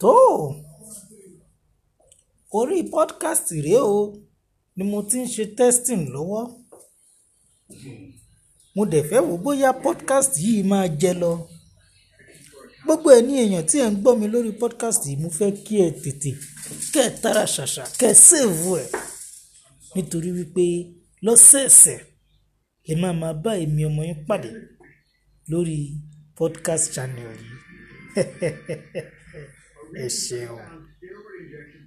tó orí podcast rèé o ni mo ti ń ṣe testing lọ́wọ́ mo dẹ̀ fẹ́ wò bóyá podcast yìí máa jẹ lọ gbogbo ẹ̀ ní èèyàn tí ẹ̀ ń gbọ́ mi lórí podcast yìí mo fẹ́ kí ẹ tètè kẹ́ ẹ tara ṣàṣà kẹ́ ẹ sèèvù ẹ̀ nítorí wípé lọ́sẹ̀ẹ̀sẹ̀ lè máa máa bá èmi ọmọ yín pàdé lórí podcast channel yìí. esse seu é